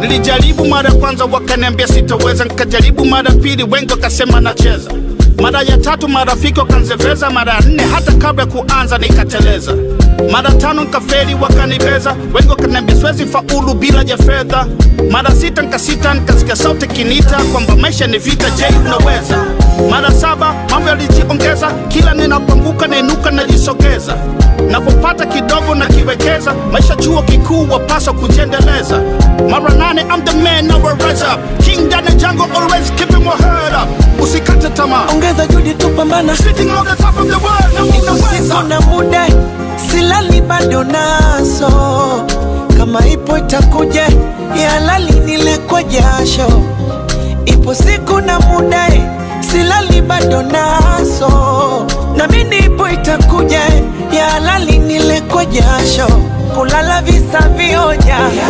Nilijaribu mara kwanza wakaniambia sitaweza, nikajaribu mara pili, wengi wakasema nacheza. Mara ya tatu marafiki wakanzeveza, mara ya nne hata kabla ya kuanza nikateleza. Mara tano nikafeli, wakanibeza, wengi wakaniambia siwezi faulu bila ya fedha. Mara sita nikasita, nikasikia sauti kinita kwamba maisha ni vita, je, unaweza? Mara saba mambo yalijiongeza, kila ninapanguka nainuka, najisogeza napopata kidogo na kiwekeza, maisha chuo kikuu wapaswa kujiendeleza. Mara nane, I'm the man now I rise up, king ndani jungle always keeping my head up. Usikate tama ongeza juhudi, tupambana, sitting on the top of the world, na muda silali bado naso, kama ipo itakuja, yalali nile kwa jasho, ipo siku na muda silali bado naso jasho, kulala visa vioja